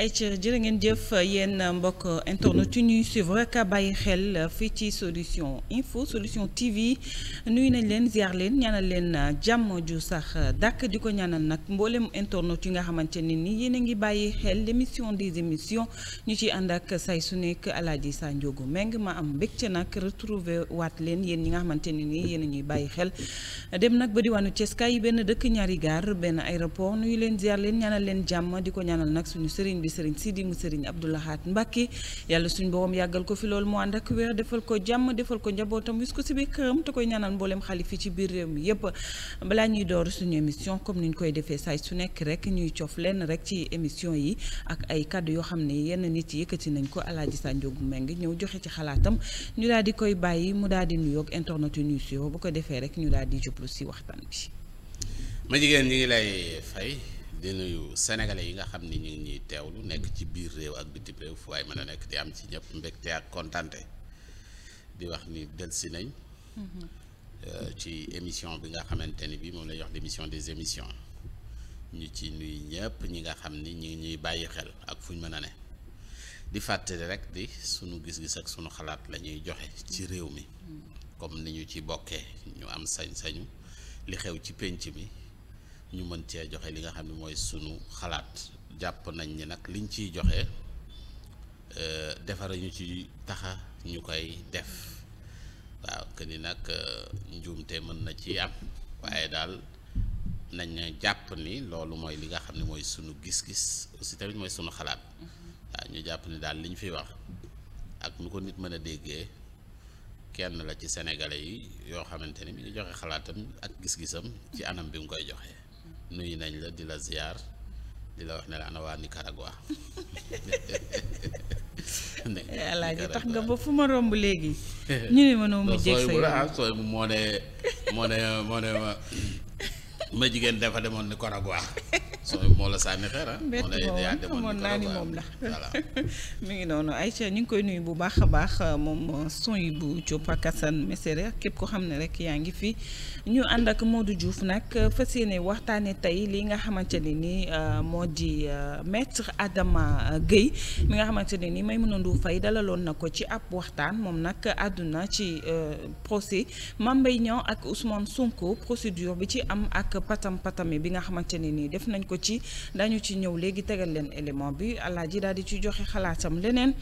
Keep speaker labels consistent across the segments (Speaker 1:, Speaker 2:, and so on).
Speaker 1: ay ayca jërë ngeen jëf yenn euh, mbokk internet yu ñuy suivre ka bàyyi xel euh, fii ci solution info solution TV nuyu nañ leen ziar leen ñaanal leen euh, jàmm ju sax dàkk di ko ñaanal nag mboolem internet yi nga xamante ne ni yéen a ngi bàyyi xel l'émission des émissions ñu ciy ànd ak say su nekk Alaaji Sa Ndiogou Meng ma am mbégte nag retrouver waat leen yéen ñi nga xamante ne ni yéen a ñuy bàyyi xel dem nag ba di diwaanu Thiès yi benn dëkk ñaari gaar benn aéroport nuyu leen ziar leen ñaanal leen jàmm di ko ñaanal nag suñu sëriñ bi sëriñ Sidi mu sëriñ Abdoulahat Mbacke yàlla suñ borom yàggal ko fi loolu mu ànd ak defal ko jàmm defal ko njabootam wis ko si biir këram te koy ñaanal mbooleem xalifi ci biir réew mi yépp balaa ñuy door suñu émission comme ni ñu koy defee saay su nekk rek ñuy cof lenn rek ci émission yi ak ay kàddu yoo xam ne yenn nit yi yëkkati nañ ko alaaji Sanjogu Meng ñëw joxe ci xalaatam ñu daal di koy bàyyi mu daal di nuyoog internet yu ñuy bu ko defee rek ñu daal di jublu si waxtaan bi
Speaker 2: ma di nuyu sénégalais yi nga xam ni ñi ngi ñuy teewlu nekk ci biir réew ak bitim réew fu waay mën a nekk di am ci ñëpp mbégte ak kontante di wax ni delsi nañ.
Speaker 1: Euh,
Speaker 2: ci émission bi nga xamante ni bii moom la wax l'émission des émissions ñu ci nuyu ñëpp ñi nga xam ni ñu ngi ñuy bàyyi xel ak fu mën a ne di fàttali rek di sunu gis-gis ak sunu xalaat la ñuy joxe ci réew mi. Mm. comme ni ñu ci bokkee ñu am sañ-sañu li xew ci pénc mi. ñu mën cee joxe li nga xam ne mooy sunu xalaat jàpp nañ ni nag liñ ciy joxe euh, defara ñu ci taxa ñu koy def waaw que ni euh, njuum te mën na ci am waaye daal nañ na jàpp ni loolu mooy li nga xam ne mooy sunu gis-gis aussi tamit mooy sunu xalaat mm-hmm. waaw ñu jàpp ni daal liñ fiy wax ak nu ko nit mën a déggee kenn la ci sénégalais yi yoo xamante ni mi ngi joxe xalaatam ak gis-gisam ci anam bi mu koy joxe. nuyu nañ la di la ziar di la wax ne la ana waa Nicaragua. Eh, alaaji tax nga
Speaker 1: ba fu ma romb léegi. ñu ne ma noo mujjee sa yoon
Speaker 2: sooy moo ne moo ne moo ne ma ma jigéen dafa demoon ni Koragua sooy moo la sànni xeer ah. mbett moom naa moom la
Speaker 1: voilà. ngi noonu ay Aïcha ñu ngi koy nuyu bu baax a baax euh, moom euh, son yi bu Diop ak Assane Mesere képp ko xam ne rek yaa ngi fi ñu ànd ak Modou Diouf nag fas yéene waxtaanee tey li nga xamante ne ni euh, moo di maître Adama géey mi nga xamante ne may Maimouna du Faye dalaloon na ko ci ab waxtaan moom nag àdduna ci procès Mame Mbaye Niang ak Ousmane Sonko procédure bi ci am ak. ak patam patami bi nga xamante ne nii def nañ ko ci dañu ci ñëw léegi tegal leen élément bi Alaaji daal di ci joxe xalaatam leneen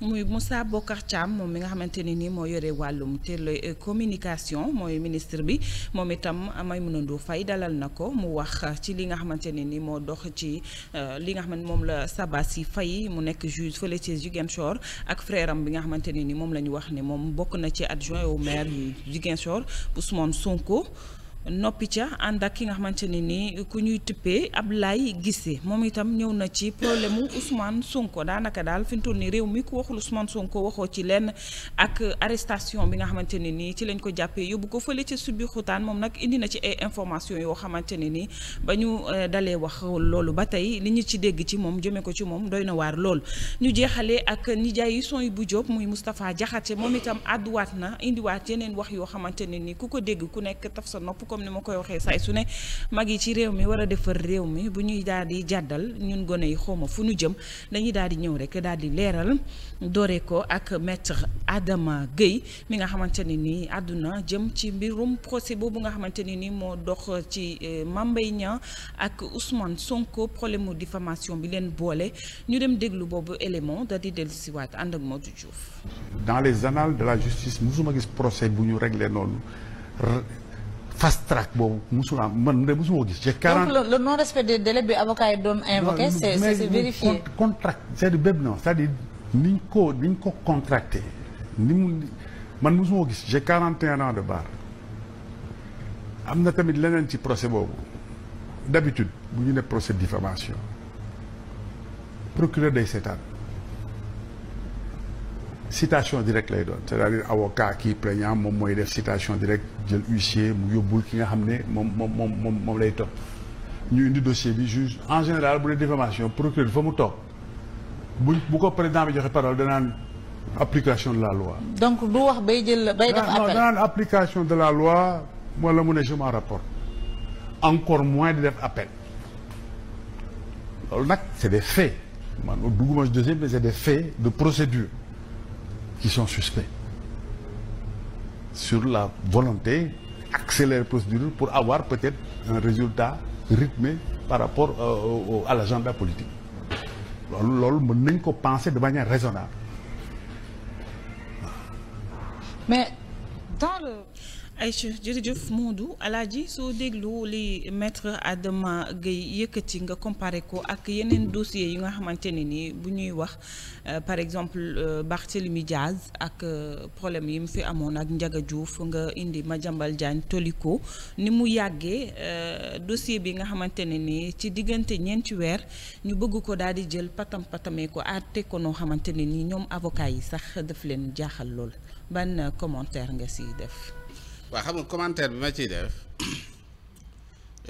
Speaker 1: muy Moussa Bokar Thiam moom mi nga xamante ne nii moo yore wàllum télé communication mooy ministre bi moom itam Maimouna Ndour fay dalal na ko mu wax ci li nga xamante ne nii moo dox ci euh, li nga xamante moom la Sabassi fay mu nekk juge fële ci Ziguinchor ak frère bi nga xamante ne nii moom la ñu wax ni moom bokk na ci adjoint au maire yu Ziguinchor Ousmane Sonko. noppi ca ànd ak ki nga xamante ne nii ku ñuy tippee Ablaye Guissé moom itam ñëw na ci problème mu Ousmane Sonko daanaka daal fi mu toll réew mi ku waxul Ousmane ko waxoo ci lenn ak arrestation bi nga xamante ne nii ci lañ ko jàppee yóbbu ko fële ca subi xutaan moom nag indi na ci ay information yoo xamante ne nii ba ñu eh, dalee wax loolu ba tey li ñu ci dégg ci moom jëmee ko ci moom doy na waar lool ñu jeexale ak nijaay yi bu Jóob muy Moustapha Jaxate moom itam àdduwaat na indiwaat yeneen wax yoo xamante ne nii ku ko dégg ku nekk taf sa nopp ko comme ni ma koy waxee saay su ne mag yi ci réew mi war a defar réew mi bu ñuy daal di jàddal ñun gone yi xawma fu ñu jëm dañuy daal di ñëw rek daal di leeral doore ko ak maître Adama Guèye mi nga xamante ni nii àdduna jëm ci mbirum procès boobu nga xamante ne nii moo dox ci eh, Mame Mbaye Niang ak Ousmane Sonko problème mu diffamation bi leen boole ñu dem déglu boobu élément da di dellu siwaat ànd ak Modou Diouf.
Speaker 3: dans les annales de la justice musuma gis procès bu ñu réglé noonu. fast track boobu musul am man de musuma ko gis. ce quarante
Speaker 1: donc le non respect des délais bi avocat doon invoqué. c'est c'est vérifié
Speaker 3: contract c'est-à-dire bépp non c'est-à-dire niñ ko niñ ko contracté ni mu man musuma ko gis j'ai quarante et ans de bar am na tamit leneen ci procès boobu d'habitude bu ñu ne procès diffamation procureur day seetaan. citation directe lay doon c'est-à-dire avocat kii plaignant moom mooy def citation directe jël huissier mu yóbbul ki nga xam ne moom moom moom moom moom lay topp ñu indi dossier bi en général bu dee diffamation procureur fa mu toog bu bu ko président bi joxe parole danaan application de la loi. donc du wax bay jël bay def ah, appel application de la loi wala mu ne je rapport encore moins di def appel loolu nag c'est des faits man dugguma deuxième de procédure. qui sont suspects sur la volonté accélérer procédure pour avoir peut-être un résultat rythmé par rapport euh, au, à l'agenda politique loolu loolu mën nañ ko penser de manière raisonnable
Speaker 1: mais dans le ay Aïcha jërëjëf Modou Alaaji soo déglu li maître Adama Gueye yëkkati nga comparé ko ak yeneen dossiers yi nga xamante ne ni bu ñuy wax euh, par exemple euh, Barthélemy Diaz ak euh, problème yi mu fi amoon ak njaga Diouf nga indi Madiambal Diagne Toliko ni mu yàggee dossier bi nga xamante ne ni ci diggante ñeenti weer ñu bëgg ko daal di jël patam patamee ko àtte ko noo xamante ne ni ñoom avocat yi sax daf leen jaaxal lool ban commentaire nga siy def.
Speaker 2: waaw xam nga commentaire bi ma ciy def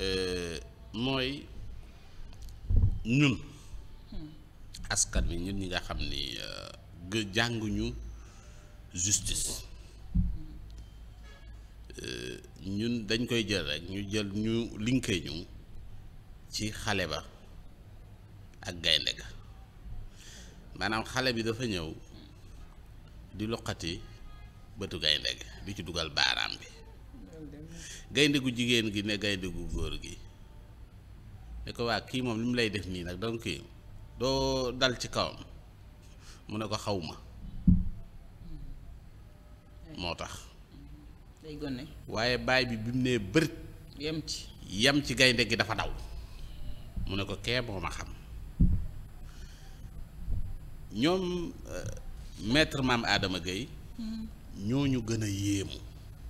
Speaker 2: euh, mooy ñun hmm. askan wi ñun ñi nga xam ni euh, jànguñu justice hmm. euh, ñun dañ koy jël rek ñu jël ñu linké ñu ci xale ba ak gaynde ga hmm. maanaam xale bi dafa ñëw di loqati bëtu gaynde gi di ci dugal baaraam bi gaynde gu jigéen gi ne gaynde gu góor gi ne ko waa kii moom li mu lay def nii nag donc kii doo dal ci kawam mu ne ko xaw ma moo tax waaye baay bi bi mu nee bërit yem ci yem ci gaynde gi dafa daw mu ne ko kee moo ma xam ñoom euh, maître maam aadama Gueye hmm. ñoo ñu gën a yéemu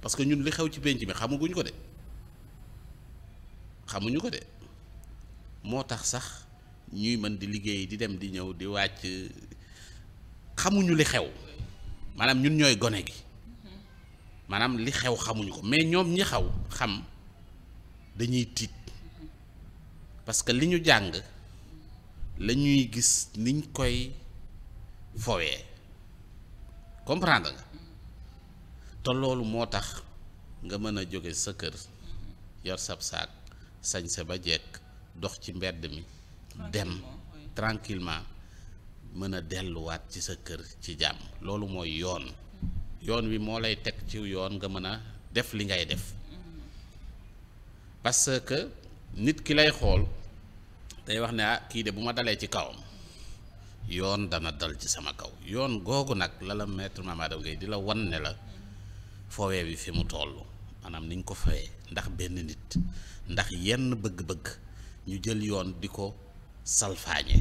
Speaker 2: parce que ñun li xew ci penc mi xamaguñ ko de xamuñu ko de moo tax sax ñuy mën di liggéey di dem di ñëw di wàcc xamuñu li xew maanaam ñun ñooy gone gi maanaam li xew xamuñu ko mais ñoom ñi xaw xam dañuy tiit parce que li ñu jàng la ñuy gis niñ koy fowee comprendre nga te loolu moo tax nga mën a jóge sa kër yor sab saak sañse ba jekk dox ci mbedd mi dem tranquillement mën a delluwaat ci sa kër ci jàmm loolu mooy yoon yoon wi moo lay teg ci yoon nga mën a def li ngay def parce que nit ki lay xool day wax ne ah kii de bu ma dalee ci kawam yoon dana dal ci sama kaw yoon googu nag la la maître Mamadou Gueye di la wan ne la foowee bi fi mu toll maanaam niñ ko fayee ndax benn nit ndax yenn bëgg-bëgg ñu jël yoon di ko salfaañe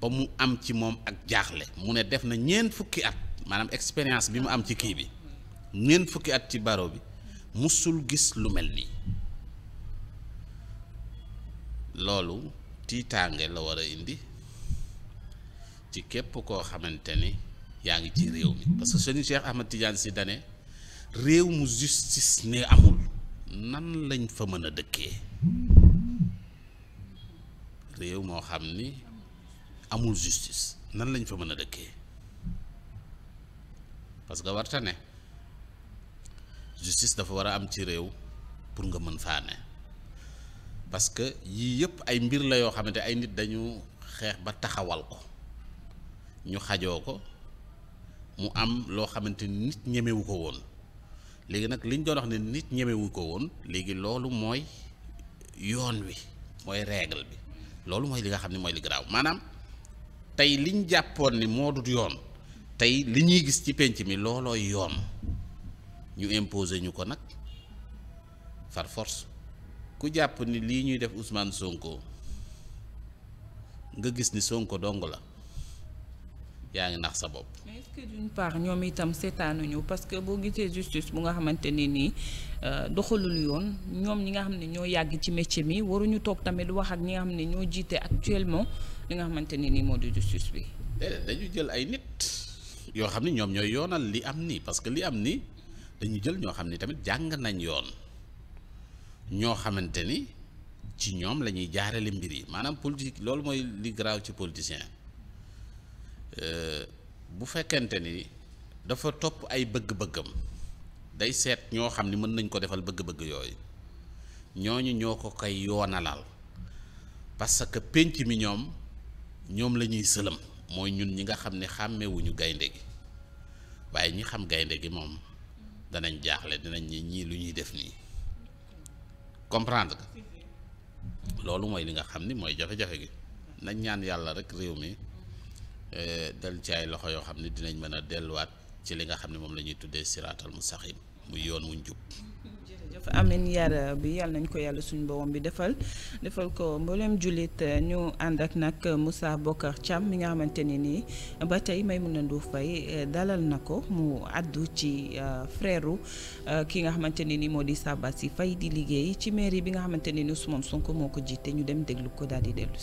Speaker 2: ba mu am ci moom ak jaaxle mu ne def na ñeent fukki at maanaam expérience bi mu am ci kii bi ñeen fukki at ci baro bi musul gis lu mel nii loolu tiitaange la war indi ci képp koo xamante ni yaa ngi ci réew mi parce que sëñ Cheikh Ahmad Tidiane si dane réew mu justice ne amul nan lañ fa mën a dëkkee réew moo xam ni amul justice nan lañ fa mën a dëkkee parce que warta ne justice dafa war a am ci réew pour nga mën faa ne parce que yii yëpp ay mbir la yoo xamante ay nit dañu xeex ba taxawal ko ñu xajoo ko mu am loo xamante nit ñemewu ko woon léegi nag liñ doon wax ne nit ñemewu ko woon léegi loolu mooy yoon wi mooy règle bi loolu mooy li nga xam ne mooy li garaaw maanaam tey liñ jàppoon ni moo dut yoon tey li ñuy gis ci pénc mi loolooy yoon ñu imposer ñu ko nag par force ku jàpp ni lii ñuy def Ousmane Sonko nga gis ni Sonko dong la yaa ngi nax sa bopp
Speaker 1: que d'une ñoom itam seetaanuñu parce que boo gisee justice bu nga xamante ne nii euh, doxalul yoon ñoom ñi nga xam ne ñoo yàgg ci métier mi waruñu toog tamit wax ak ñi nga xam ne ñoo jiite actuellement li nga xamante ne nii moo di justice bi.
Speaker 2: dañu jël ay nit yoo xam ne ñoom ñooy yoonal li am nii parce que li am ni dañu jël ñoo xam ne tamit jàng nañ yoon ñoo xamante ni ci ñoom la ñuy jaarale mbir yi maanaam politique loolu mooy li garaaw ci politicien. Euh, bu fekkente ni dafa topp ay bëgg-bëggam day seet ñoo xam ni mën nañ ko defal bëgg-bëgg yooyu ñooñu ñoo ko koy yoonalal parce que pénc mi ñoom ñoom la ñuy sëlëm mooy ñun ñi nga xam ne xàmmewuñu gaynde gi waaye ñi xam gaynde gi moom danañ jaaxle dinañ ñi ñii lu ñuy def nii comprendre nga loolu mooy li nga xam ni mooy jafe-jafe gi nañ ñaan yàlla rek réew mi Euh, dal ci ay loxo yoo xam ne mën a delluwaat ci li nga xam ne moom la ñuy tuddee siraatal mustaqim mu yoon wuñ jub
Speaker 1: jërëjëf amin yar bi yàlla nañ ko yàlla suñu borom bi defal defal ko mbooleem jullit ñu ànd ak nag Moussa Bokar Thiam mi nga xamante ne nii ba tey may Maimouna Ndour Faye euh, dalal na ko mu àddu ci euh, frère ki nga xamante ni nii moo di si Faye di liggéey ci mairie bi nga xamante ne ni Ousmane Sonko moo ko jiite ñu dem déglu ko daal di dellu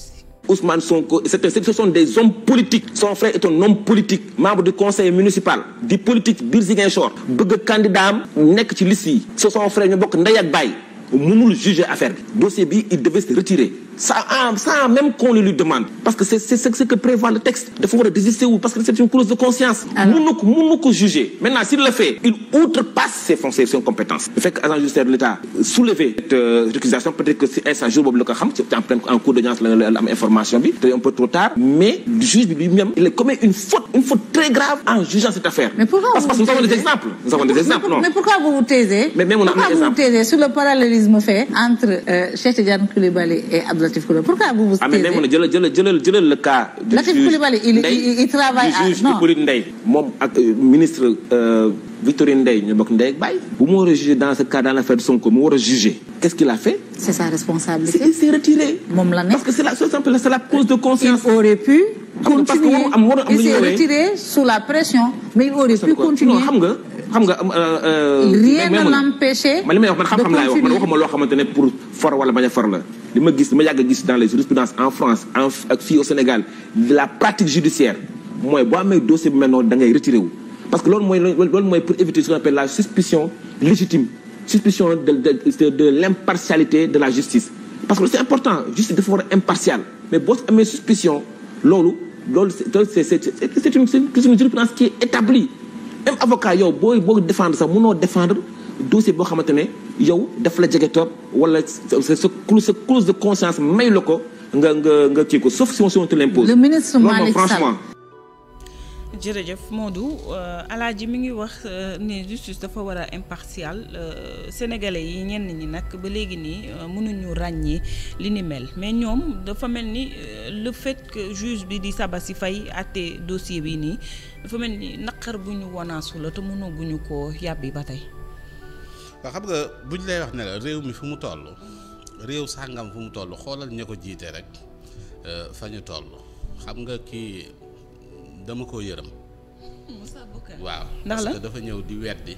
Speaker 4: Ousmane Sonko ce sont des hommes politiques son frère est un homme politique membre du conseil municipal di politique biir Ziguinchor bëgg candidat nekk ci liste yi ce son frère ñu bokk ndey ak baay mënul juger affaire bi dossier bi il devait se retirer Ah, ça même qu'on le lui demande parce que c'est ce que prévoit le texte dafa war a désister wu parce que c'est une conscience ah mënu ko mënu ko juger maintenant de l'État soulever cette euh, récusation peut-être que si instant jour boobu la ko xam ci en pleine un peu trop tard mais juge lui-même il commet une une faute très grave en jugeant cette affaire parce que nous avons des exemples nous avons des exemples non mais
Speaker 1: des exemples Latif Coulibaly pourquoi vous vous taisez ah mais
Speaker 4: jëlal jëlal jëlal le cas. du juge
Speaker 1: Ndeye il travaille à non du juge Hippolyte
Speaker 4: Ndeye moom ak euh, ministre euh, Victorine Ndeye ñu bokk Ndeye ak Baye. bu mu war a jugé dans ce cas dans l'affaire Sonko mu war a jugé. qu'est-ce qu'il a fait. c'est sa
Speaker 1: responsabilité c'est
Speaker 4: il s'est retiré. moom la nekk parce que c'est la c'est la cause de conscience. il aurait pu. continuer il s'est retiré
Speaker 1: sous la pression. mais il aurait pu continuer xam nga.
Speaker 4: xam nga. Euh, rien ne
Speaker 1: l'empêchait. man li may wax man xam-xam laay wax man waxuma
Speaker 4: loo xamante ne pour for wala bañ a for la. li ma gis li ma yàgg a gis dans les jurisprudences en France en ak fii au Sénégal la pratique judiciaire mooy boo amee dossier bu noonu da ngay wu. parce que loolu mooy loolu mooy pour éviter ce qu'on appelle la suspicion légitime suspicion de de l'impartialité de la justice. parce que c'est important justice dafa war a impartial mais boo amee suspicion loolu loolu c'est c'est c'est une jurisprudence qui est établie même avocat yow boo boo défendre sax noo défendre. dossier boo xamante ne yow daf la jege trop wala sa sa clause de conscience may la ko nga nga nga kii ko sauf si on te l'impose. le ministre Malick Sall franchement.
Speaker 1: jërëjëf Modou euh, Alaaji mi ngi wax euh, ne justice dafa war a impartial euh, sénégalais yi ñenn ñi nag ba léegi nii mënuñu ràññee li ni mel mais ñoom dafa mel ni le fait que juge bi di Sabasy fay àtte dossier bi nii dafa mel ni naqar bu ñu wanaasu la te mënoo guñu koo yàbbi ba tey.
Speaker 2: waaw xam nga buñ lay wax ne réew mi fu mu toll réew sàngam fu mu toll xoolal ña ko jiite rek euh, fa ñu toll xam nga kii dama ko yërëm.
Speaker 1: waaw parce que
Speaker 2: dafa ñëw di weddi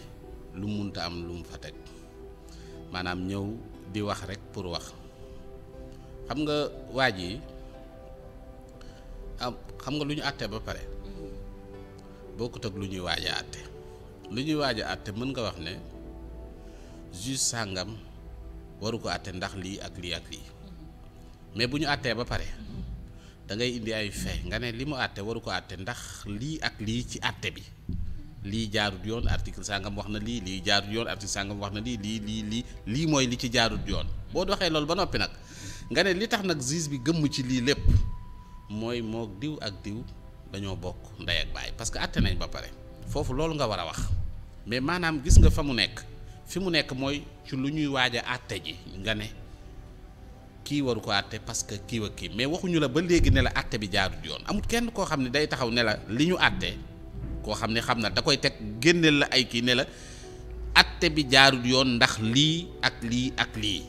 Speaker 2: lu munta am lu mu fa teg maanaam ñëw di wax rek pour wax xam nga waa yi am xam nga lu ñu àtte ba pare mm-hmm. bokkut ak lu ñuy waaj a àtte lu ñuy waaj a àtte mën nga wax ne. juge sàngam waru ko àtte ndax lii ak lii ak lii mais bu ñu àttee ba pare dangay indi ay fee nga ne li mu àtte waru ko àtte ndax lii ak lii ci àtte bi lii jaarut yoon article sàngam wax na lii lii jaarut yoon article sàngam wax na lii lii lii lii lii mooy li ci jaarut yoon boo doxee loolu ba noppi nag nga ne li tax nag juge bi gëmm ci lii lépp mooy moo diw ak diw dañoo bokk ndey ak baay parce que àtte nañ ba pare foofu loolu nga war a wax mais maanaam gis nga fa mu nekk. fi mu nekk mooy ci lu ñuy waaj a àtte ji nga ne kii waru ko àtte parce que kii wa kii mais waxuñu la ba léegi ne la àtte bi jaarut yoon amul kenn koo xam ne day taxaw ne li ñu àtte koo xam ne xam na da koy teg génneel la ay kii ne la bi jaarut yoon ndax lii ak lii ak lii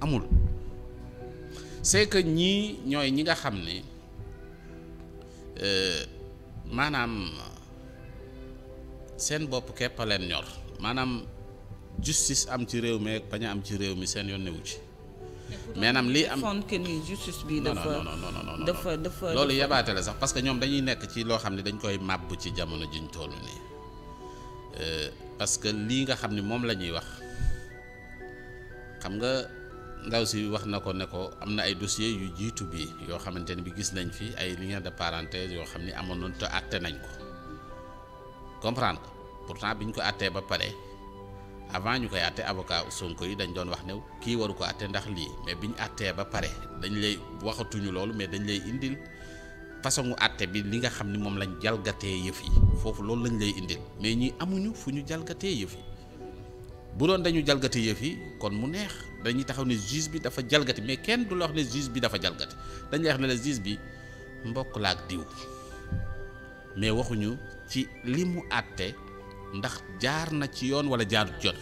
Speaker 2: amul c'est que ñii ñooy ñi nga xam ni euh, maanaam seen bopp képp a leen ñor maanaam justice am ci réew mi ak bañ a am ci réew mi seen yoon newu ci.
Speaker 1: maanaam lii am justice bi dafa dafa dafa loolu
Speaker 2: yabaate sax parce que ñoom dañuy nekk ci loo xam ne dañ koy màbb ci jamono jiñ toll nii euh, parce que lii nga xam ne moom la ñuy wax xam nga ndaw si wax na ko ne ko am na ay dossiers yu jiitu bi yoo xamante ne bi gis nañ fi ay lien de parenté yoo xam ni amoon nañ te àtte nañ ko comprendre ko pourtant biñ ko àttee ba pare. avant ñu koy àtte avocat Sonko yi dañ doon wax new kii waru ko àtte ndax lii mais bi ñu ba pare dañ lay waxatuñu loolu mais dañ lay indil façon àtte bi li nga xam ni moom lañ jalgatee yëf yi foofu loolu lañ lay indil mais ñi amuñu fu ñu jalgatee yëf yi bu doon dañu jalgati yëf yi kon mu neex dañuy taxaw ne juge bi dafa jalgati mais kenn du la wax ne juge bi dafa jalgati dañ lay wax ne la juge bi mbokk la ak diw mais waxuñu ci li mu àtte ndax jaar na ci yoon wala jaarut ci yoon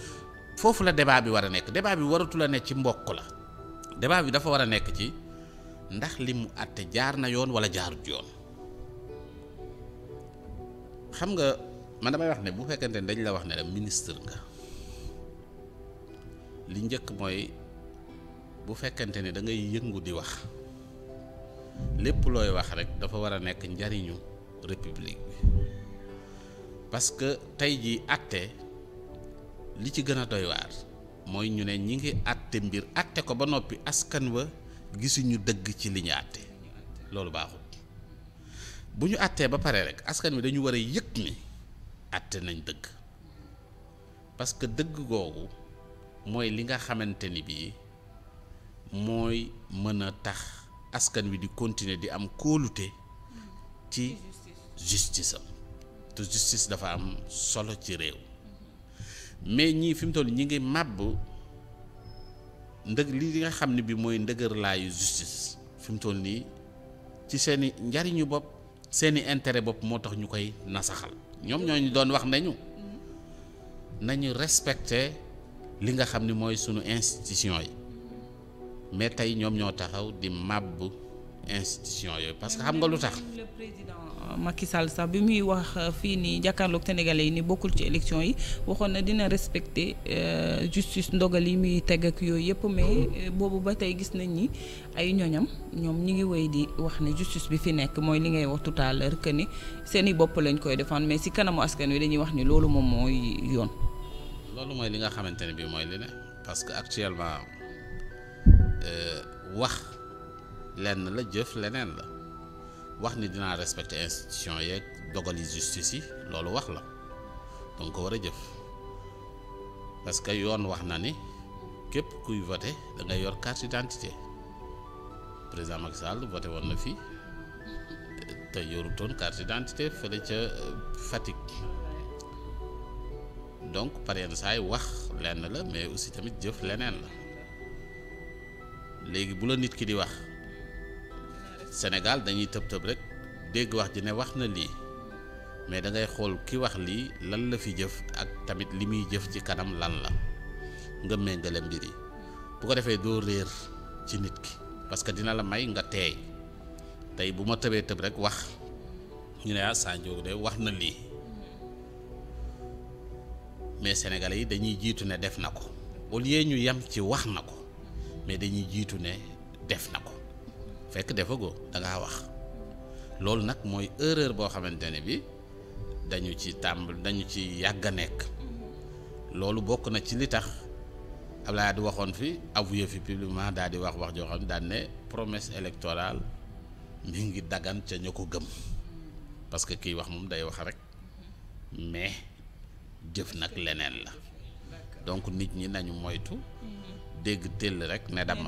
Speaker 2: foofu la débat bi war a nekk débat bi waratu la ne ci mbokk la débat bi dafa war a nekk ci ndax li mu àtte jaar na yoon wala jaarut yoon xam nga man may wax ne bu fekkante ne dañ la wax ne la ministre nga li njëkk mooy bu fekkente ne da ngay yëngu di wax lépp looy wax rek dafa war a nekk njariñu république parce que tey jii àtte li ci gën a doy mooy ñu ne ñi ngi àtte mbir àtte ko ba noppi askan wa gisuñu dëgg ci li ñu àtte loolu baaxul bu ñu àttee ba pare rek askan wi dañu wara a yëg ni àtte nañ dëgg parce que dëgg googu mooy li nga xamante ni bii mooy mën a tax askan wi di continuer di am kóolute ci justice te justice dafa am solo ci réew mais ñii fi mu toll ñi ngi màbb ndëg li nga xam ne bi mooy ndëgër laayu justice fi mu toll nii ci seeni njariñu bopp seeni intérêt bopp moo tax ñu koy nasaxal ñoom ñooñu doon wax nañu nañu respecté li nga xam ni mooy sunu institution yi mais tey ñoom ñoo taxaw di màbb institution yooyu parce que xam nga lu tax. le
Speaker 1: président Sall sax bi muy wax euh, fii nii jàkkaarloog sénégalais yi ni bokkul ci élection yi waxoon na dina respecter euh, justice ndogal yi muy teg ak yooyu yëpp may oh. euh, boobu ba tey gis nañ ni ay ñoñam ñoom ñi ngi woy di wax ne justice bi fi nekk mooy li ngay wax tout à que ni seeni bopp lañ koy défendre mais si kanamu askan wi dañuy wax ni loolu moom mooy yoon.
Speaker 2: loolu mooy li nga xamante ne bii mooy li ne parce que actuellement wax. lenn la jëf leneen la wax ni dinaa respecte institution yeeg dogali justice yi loolu wax la danga ko war a jëf parce que yoon wax na ni képp kuy voté da yor carte d'identité président Macky Sall voté woon na fii te yorutoon carte d'identité fële ca euh, Fatick donc par yenn saay wax lenn la mais aussi tamit jëf leneen la léegi bu la nit ki di wax. Sénégal dañuy tëb tëb rek dégg wax ji ne wax na lii mais da ngay xool ki wax lii lan la fi jëf ak tamit li muy jëf ci kanam lan la nga méngale mbir yi bu ko defee doo réer ci nit ki parce que dina la may nga teey tey bu ma tëbee tëb rek wax ñu ne ah Sandiogou de wax na lii mais sénégalais yi dañuy jiitu ne def na ko au lieu ñu yem ci wax na ko mais dañuy jiitu ne def na ko fekk defagoo da ngaa wax loolu nag mooy erreur boo xamante ne bi dañu ci tàmbal dañu ci yàgg a nekk loolu bokk na ci li tax Abdoulaye di waxoon fi avoué fi publiquement daal di wax wax joo xam ne daal ne promesse électorale mi ngi dagan ca ña ko gëm parce que kiy wax moom day wax rek mais jëf nag leneen la donc nit ñi nañu moytu dégg tëll rek ne damm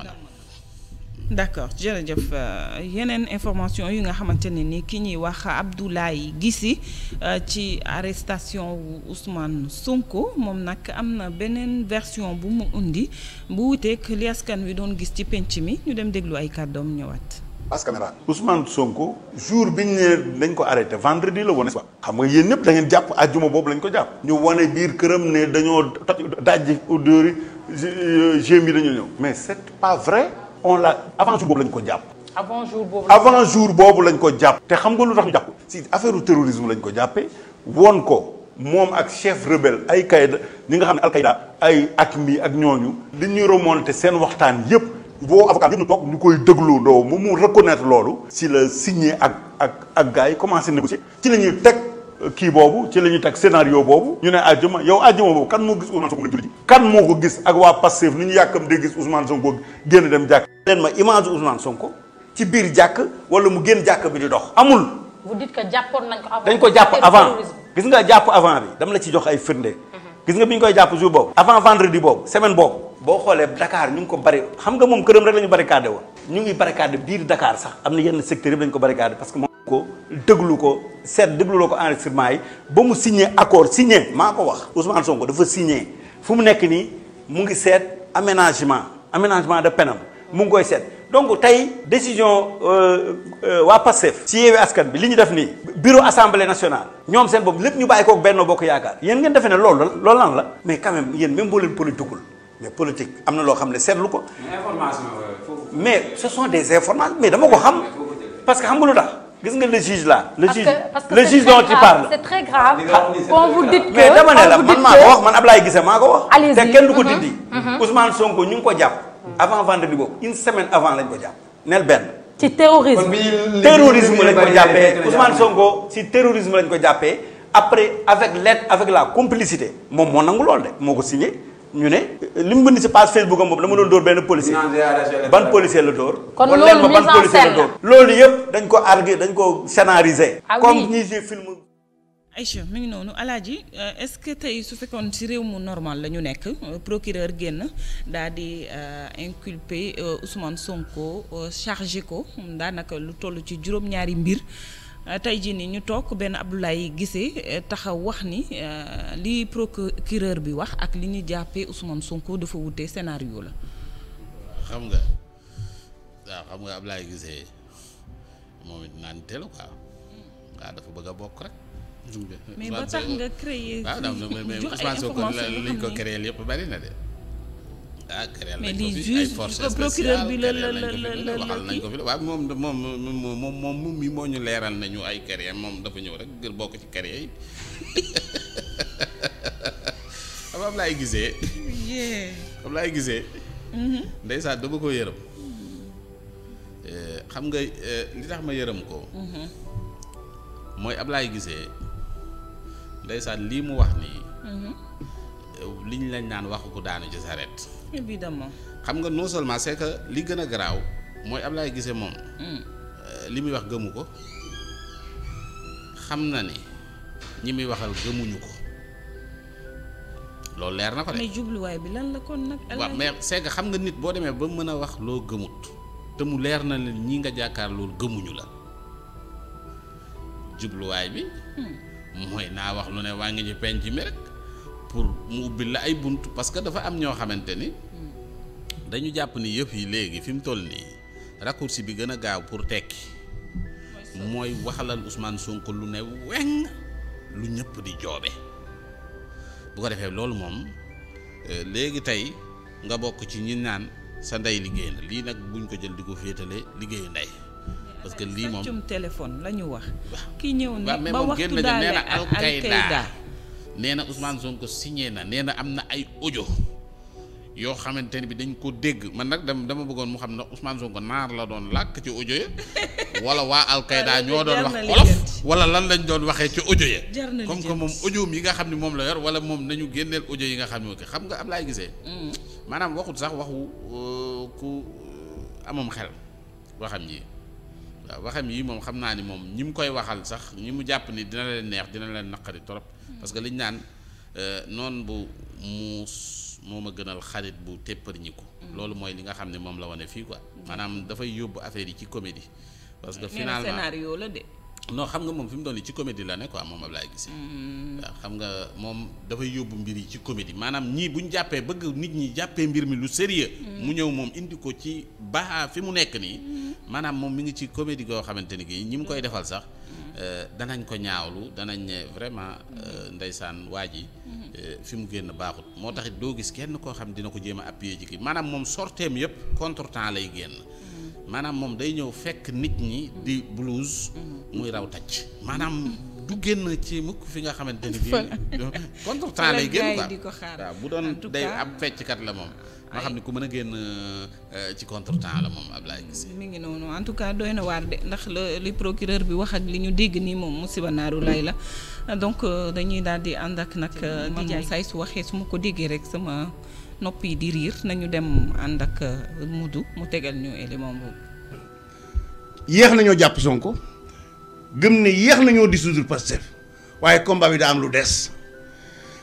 Speaker 1: d' accord jërëjëf euh, yeneen information yu nga xamante ne ni ki ñuy wax Abdoulaye Gisi euh, ci arrestation wu Ousmane Sonko moom nag am na beneen version bu mu undi bu wuteek li askan wi doon gis ci penc mi ñu dem déglu ay kàddoom ñëwaat.
Speaker 5: passe caméra Ousmane Sonko jour biñ ne lañ ko arrêté vendredi la woon. xam nga yéen ñëpp da ngeen jàpp àjjuma boobu lañ ko jàpp. ñu wane biir këram ne dañoo toj dajji auditeurs yi gémi euh, dañoo ñëw. mais c' est pas vrai. on l'a avant jour boobu lañ ko jàpp.
Speaker 2: avant jour boobu avant
Speaker 5: jour boobu lañ ko jàpp. te xam nga lu tax ñu jàpp si affaire terrorisme lañ ko jàppee won ko moom ak chef rebelle ay Qaïda ñi nga xam ne alqaïda ay ak mi ak ñooñu. li ñuy remonté seen waxtaan yëpp boo avocat yëpp nu toog ñu koy déglu ndoo moom mu reconnaître loolu. si la signé ak ak ak gars yi commencé négocier ci la teg. kii boobu ci la ñuy teg scénario boobu ñu ne àjjuma yow àjjuma boobu kan moo gis Ousmane Sonko nga julli ji kan moo ko gis ak waa Pastef nu ñu yàkkam de gis Ousmane Sonko génn dem jàkk leen ma image Ousmane Sonko ci biir jàkk wala mu génn jàkk bi di dox amul
Speaker 1: ko dañ ko jàpp avant
Speaker 5: gis nga jàpp avant bi dama la ci jox ay firnde mhm. gis nga bi ñu koy jàpp jour boobu avant vendredi boobu semaine boobu boo xoolee Dakar ñu ngi ko bari xam nga moom këram rek la ñu barricadé woon ñu ngi barricade biir dakaar sax am na yenn secteurs yëpp dañu ko barricade parce que moom ko déglu ko seet dégluloo ko enregistrement yi ba mu signé accord signé maa ko wax Ousmane Sonko dafa signé fu mu nekk nii mu ngi seet aménagement aménagement de penam mu ngi koy seet donc tey décision euh, euh, waa Pastef ci yeewi askan bi li ñu def nii bureau assemblée nationale ñoom seen bopp lépp ñu bàyyi kook Benno Bokk Yaakaar yéen ngeen defee ne loolu loolu mais quand même yéen même boo mais politique am na loo xam ne seetlu ko. mais ce sont des informations mais dama ko xam. parce que xam nga lu tax gis nga le juge là. le juge le juge dont tu parles.
Speaker 2: c'est très grave qu'on vous dicte mais dama ne la man
Speaker 5: maa ko wax man Ablaye Guissé maa ko wax. allez te kenn du ko mhm. dindi. Mhm. Ousmane Sonko ñu ngi ko jàpp. Mhm. avant vendredi une semaine avant lañ ko jàpp nel benn.
Speaker 1: ci terrorisme terrorisme lañ ko jàppee Ousmane
Speaker 5: Sonko ci terrorisme lañ ko jàppee après avec l'aide avec la complicité moom moo nangu lool de moo ko signé. ñu ne li mu bind ci page Facebook am boobu dama doon dóor benn policier ban policier la dóor kon loolu ban policier la dóor loolu yëpp dañ ko argué dañ ko scénarisé ah comme ñi ci
Speaker 1: film Aïcha mi ngi noonu alaaji euh, est-ce que tey su fekkoon ci réew mu normal la ñu nekk euh, procureur génn daal di euh, inculper Ousmane Sonko chargé ko daanaka lu toll ci juróom-ñaari mbir Euh, tey jii nii ñu toog benn Abdoulaye gisee euh, taxaw wax ni euh, li procureur bi wax ak li ñu jàppee Ousmane Sonko dafa wute scénario la.
Speaker 2: xam nga waaw xam nga Abdoulaye Guissé moom it naan teelu waaw dafa bëgg a bokk rek. mais ba tax nga créé. waaw mais Ousmane Sonko liñ ko créé yëpp bari na de. ah créé nañ ko fi ay forces moom moom moom moom moom mi moo ñu leeral nañu ay créé moom dafa ñëw rek ngir bokk ci créé yi xam laay gisee. xam laay gisee. ndeysaan dama ko yërëm. Eh, xam nga eh, li tax ma yërëm ko. Mm-hmm. mooy ab laay gisee ndeysaan lii mu wax nii. Mm-hmm. liñ lañ naan waxu ko daanu ci saret évidemment xam nga non seulement c'est que li gën a garaaw mooy Ablaye Guissé moom. Hmm. Euh, li muy wax gëmu ko xam na ni ñi muy waxal gëmuñu ko loolu leer na ko de. mais
Speaker 1: jubluwaay bi lan la kon nag. waaw
Speaker 2: xam nga nit boo demee ba mu mën a wax loo gëmut te mu leer na leen ñi nga jàkkaar loolu gëmuñu la jubluwaay bi. Hmm. mooy naa wax lu ne waa ngi ñu penc mi rek pour mu ubbil la ay bunt parce que dafa am ñoo xamante ni. dañu jàpp ni yëpp yi léegi fi mu toll nii raccourci bi gën a gaaw pour tekki mooy waxalal Ousmane Sonko lu ne weng lu ñëpp di joobe bu ko defee loolu moom euh, léegi tey nga bokk ci ñu naan sa ndey liggéey na lii nag buñ ko jël di ko féetale liggéeyu ndey parce que lii moom
Speaker 1: téléphone la ñu wax. ki ñëw ba waxtu daale ak
Speaker 2: nee na Ousmane Sonko signé na nee na am na ay ojo yoo xamante ni bi dañ ko dégg man nag dama dama bëggoon mu xam na ne Ousmane Sonko naar la doon làkk ci ojo ya wala waa al ñoo doon wax wolof wala lan lañ doon waxee ci audio ya comme que moom audio yi nga xam ne moom la yor wala moom nañu génneel audio yi nga xam ne moo xam nga am laay gisee maanaam waxut sax waxu euh, ku euh, amam xel waxam yi waaw waxam yii moom xam naa ni moom ñi mu koy waxal sax ñi mu jàpp ni dina leen neex dina leen naqari trop mm. parce que liñ naan euh, noon bu mu moo ma gënal xarit bu tépparñiku mm. loolu mooy li nga xam ne moom la wane fii ko mm. maanaam dafay yóbbu affaire yi ci comédie parce que finalement scénario la de non xam nga moom fi mu ci comédie la ne quoi moom Ablaye Guissé mm. xam nga moom dafay yóbbu mbir yi ci comédie maanaam ñii bu jàppee bëgg nit ñi jàppee mbir mi lu sérieux mu ñëw moom indi ko ci baax fi mu nekk nii maanaam moom mi ngi ci comédie koo xamante ni gi ñi mu koy defal sax Euh, danañ ko ñaawlu danañ ne vraiment euh, ndeysaan waa ji mhm. euh, fi mu génn baaxut moo taxit doo gis kenn koo xam dina ko jéem a appuyer ji ki maanaam moom sorteem yëpp contre lay génn mhm. maanaam moom day ñëw fekk nit ñi di blouse mhm. muy raw tacc maanaam du génn ci mukk fi nga xamante ni bii
Speaker 1: contre temps di ko xaar waaw
Speaker 2: bu doon day ab fecckat la moom ma xam ne ku mën a génn euh, ci contre temps la moom Ablaye gis
Speaker 1: mi ngi noonu en tout cas doy na waar de ndax li procureur bi wax ak li ñu dégg ni moom musiba naaru lay la donc euh, dañuy daal di ànd ak nag man moom saay euh, su waxee su ma ko déggee rek sama nopp yi di riir nañu dem ànd ak mudu mu tegal ñu élément boobu
Speaker 5: yéex nañoo jàpp Sonko gëm ne yéex nañoo dissoudre Pastef waaye combat bi daa am lu des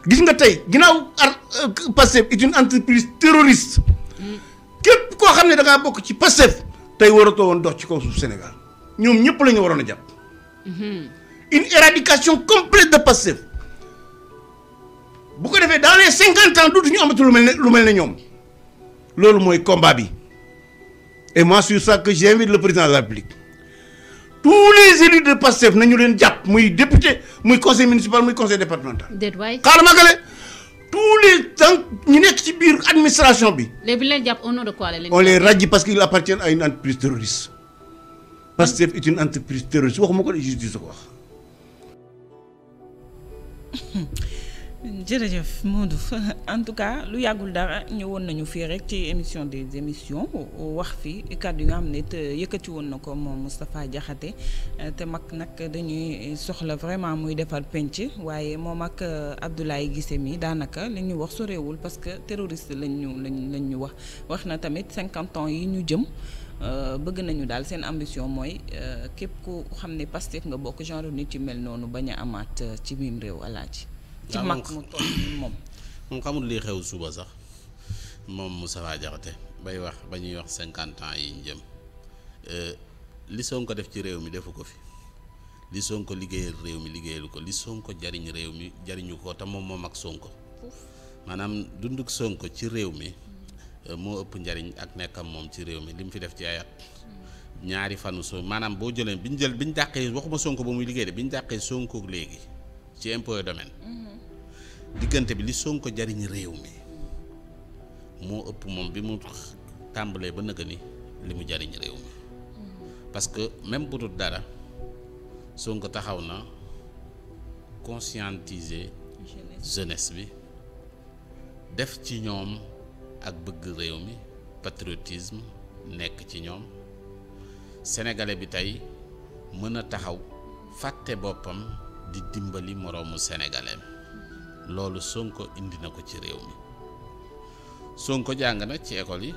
Speaker 5: gis nga tey ginnaaw ar euh, Pastef est une entreprise terroriste képp koo xam ne da bokk ci Pastef tey waratoo woon dox ci kaw suuf Sénégal ñoom ñëpp la ñu waroon a jàpp. Mm-hmm. une éradication complète de Pastef bu ko defee dans les cinquante ans ñu amatu lu mel ne lu mel ne ñoom loolu mooy combat bi et moi sur ça que j'invite le président de la République. tous les élus de nañu leen jàpp muy député muy conseil municipal muy conseil départemental.
Speaker 1: déet waay xaaral ma gale tous
Speaker 5: les tant ñu nekk ci biir administration bi.
Speaker 1: léegi bi leen jàpp au nom de quoi la leen. on les
Speaker 5: rajie parce qu'ils appartiennent à une entreprise terroriste Pastef est une entreprise terroriste waxuma ko
Speaker 4: justice ko wax.
Speaker 1: jërëjëf Modou en tout cas lu yàggul dara ñëwoon nañu fii rek ci émission des émissions wax fi kàddu yu nga xam ne yëkkati woon na ko moom Moustapha Diakhaté te mag nag dañuy soxla vraiment muy defar penc waaye moom ak Abdoulaye Guissé mi daanaka li ñu wax sorewul parce que terroriste lañ ñu lañ lañ ñu wax wax na tamit cinquante ans yi ñu jëm. Euh, bëgg nañu daal seen ambition mooy euh, képp ku xam ne Pastef nga bokk genre nit yu mel noonu bañ a amaat ci biim réew alaaji ci ah, mag moom
Speaker 2: moom xamul lii xew suba sax moom Moustapha Diakhaté bay wax ba ñuy wax cinquante ans yi ñu jëm euh, li Sonko def ci réew mi defu ko fi li Sonko liggéeyal réew mi liggéeyalu ko li Sonko jariñ réew mi jariñu ko te moom moom ak Sonko maanaam dunduk Sonko ci réew mi euh, moo ëpp njariñ ak nekkam moom ci réew mi li mu fi def ci ayat
Speaker 4: hmm.
Speaker 2: ñaari fanu soo maanaam boo jëlee bi ñu jël bi ñu dàqee waxuma Sonko ba muy liggéey de bi ñu dàqee Sonkook léegi ci impôt domaine diggante bi li Sonko jariñ réew mi moo ëpp moom bi mu tàmbalee ba nëgë ni li mu jariñ réew mi parce que même bu dul dara Sonko taxaw na conscientiser jeunesse bi def ci ñoom ak bëgg réew mi patriotisme nekk ci ñoom sénégalais bi tey mën a taxaw fàtte boppam di dimbali moroomu sénégalais loolu Sonko indi na ko ci réew mi Sonko jàng na ci école yi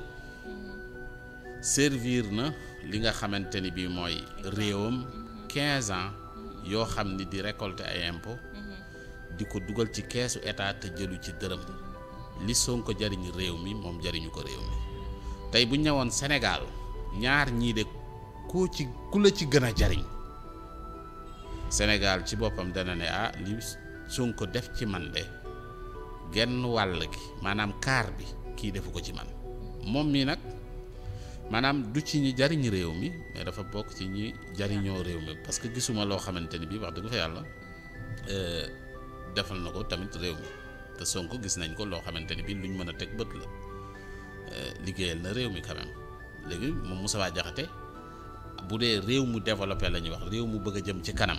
Speaker 2: servir na li nga xamante ni bii mooy réewam 15 ans yoo xam ni di récolter ay impôts di ko dugal ci keesu état te jëlu ci dërëm li Sonko jariñ réew mi moom jariñu ko réew mi tey bu ñëwoon senegal ñaar ñii de koo ci ku la ci gën a jariñ Sénégal ci boppam dana ne ah li Sonko def ci man de genn wàll gi maanaam kaar bi kii defu ko ci man moom mii nag maanaam du ci ñi jariñ réew mi may dafa bokk ci ñi jariñoo réew mi parce que gisuma loo xamante ni bii wax dëgg fa yàlla euh, defal na ko tamit réew te Sonko gis nañ ko loo xamante ni bii luñ mën a teg bët la euh, liggéeyal na réew mi quand même léegi moom Moustapha Diakhaté bu dee réew mu développé la ñuy wax réew mu bëgg a jëm ci kanam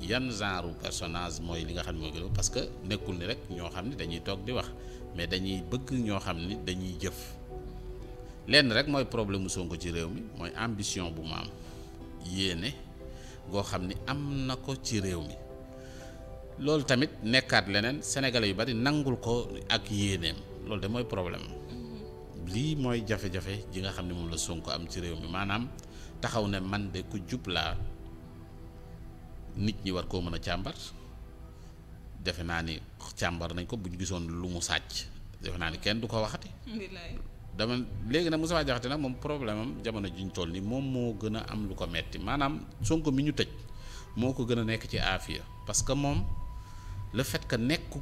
Speaker 2: yan genre personnage mooy li nga xam ne mooy gën parce que nekkul ni rek ñoo xam ne dañuy toog di wax mais dañuy bëgg ñoo xam ne dañuy jëf lenn rek mooy problème mu Sonko ci réew mi mooy ambition bu ma am yéene goo xam ni am na ko ci réew mi loolu tamit nekkaat leneen sénégalais yu bari nangul ko ak yéeneem loolu de mooy problème mm-hmm. lii mooy jafe-jafe ji nga xam ne moom la Sonko am ci réew mi maanaam taxaw ne man de ku jub laa nit ñi war koo mën a càmbar defe naa ni càmbar nañ ko bu ñu gisoon lu mu sàcc defe naa ni kenn du ko waxati. dama léegi nag Moustapha Diakhaté nag moom problème am jamono ji ñu toll nii moom moo gën a am lu ko metti maanaam Sonko mi ñu tëj moo ko gën a nekk ci aafiya parce que moom la fait que nekk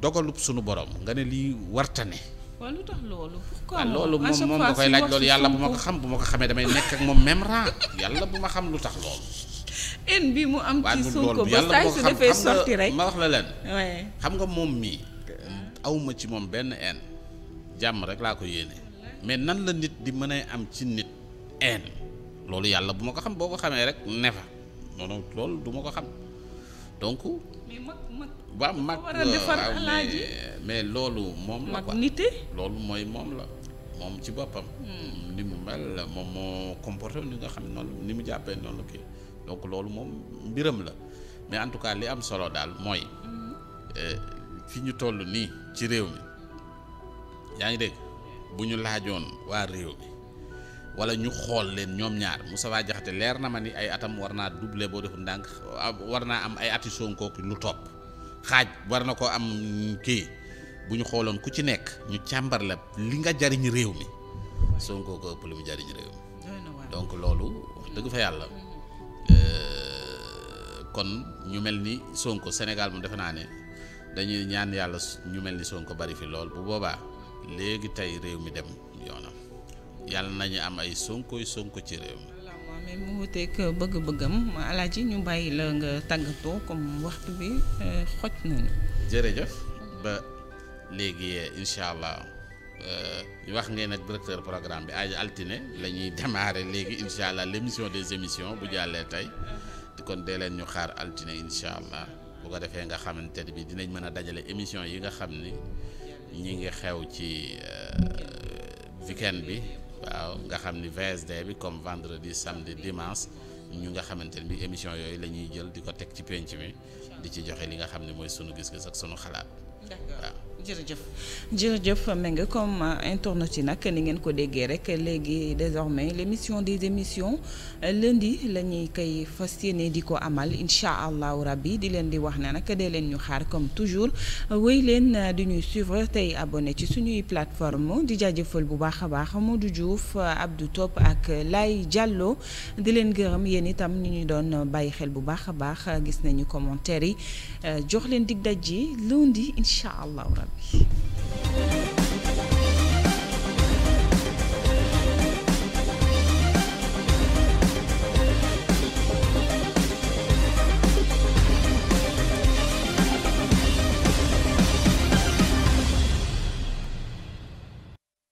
Speaker 2: dogalub sunu borom nga ne lii warta ne.
Speaker 1: waaw loolu. pourquoi ah, loolu moom moom nga laaj loolu yàlla
Speaker 2: bu ma ko xam bu ma ko xamee damay nekk ak moom même rang yàlla bu ma xam lu tax loolu.
Speaker 1: en bi mu am ci Sonko ba saa su defee sorti rek
Speaker 2: ma wax la leen xam nga moom mii euh. awma ci moom benn en jàmm rek laa ko yéene mais nan la nit di mën a am ci nit en loolu yàlla bu ma ko xam boo ko xamee rek ne fa noonu loolu du ma ko xam donc waaw mag mais loolu moom la ko loolu mooy moom la moom ci boppam hmm. ni mu mel moom moo comporté ni nga xam noonu ni mu jàppee noonu kii donc loolu moom mbiram la mais en tout cas li am solo daal mooy euh, fi ñu toll nii ci réew mi yaa ngi dégg bu ñu laajoon waa réew mi wala ñu xool leen ñoom ñaar Moustapha Diakhaté leer na ma ni ay atam war naa doublé boo defu ndànk war naa am ay ati Sonko lu topp xaaj war na ko am kii bu ñu xooloon ku ci nekk ñu càmbar li nga jariñ réew mi Sonko ko ëpp lu mu jariñ réew mi donc loolu wax fa yàlla Euh, kon ñu mel ni sonk Sénégal moom defe naa ne dañuy ñaan yàlla ñu mel ni Sonko bari fi lool bu boobaa léegi tey réew mi dem yoonam yàlla nañu am ay Sonkoy Sonko ci réew mi.
Speaker 1: mais mu wuteeg bëgg-bëggam yi ñu bàyyi la nga tàggatoo comme waxtu bi euh, xoj nañu.
Speaker 2: jërëjëf ba léegi incha allah. ñu euh, wax ngeen ak directeur programme bi aja altine lañuy ñuy léegi incha allah l' des émissions bu jàllee tey kon dee leen ñu xaar altine incha allah bu ko defee nga xamante ne bi dinañ mën a dajale émission yi nga xam ni ñi ngi xew ci euh, weekend bi waaw nga xam ni VSD bi comme vendredi samedi dimanche ñu nga xamante ne bi émission yooyu la ñuy jël di ko teg ci pénc mi di ci joxe li nga xam ne mooy sunu gis-gis ak sunu xalaat waaw
Speaker 1: jërëjëf jërëjëf Mbengue comme euh, internautes yi nag ni ngeen ko déggee rek léegi désormais l' émission des émissions euh, lundi la ñuy koy fas yéene di ko amal incha allahu rabbi di leen di wax ne nag dee leen ñu xaar comme toujours wéy leen euh, di ñuy suivre tey abonné ci suñuy plateforme di jaajëfal bu baax a baax Modou Diouf Abdou topp ak Lay jàlloo di leen gërëm yéen itam ñu ñu doon bàyyi xel bu baax a baax gis nañu commentaire yi jox leen dig daj ji lundi incha allahu rabbi oui.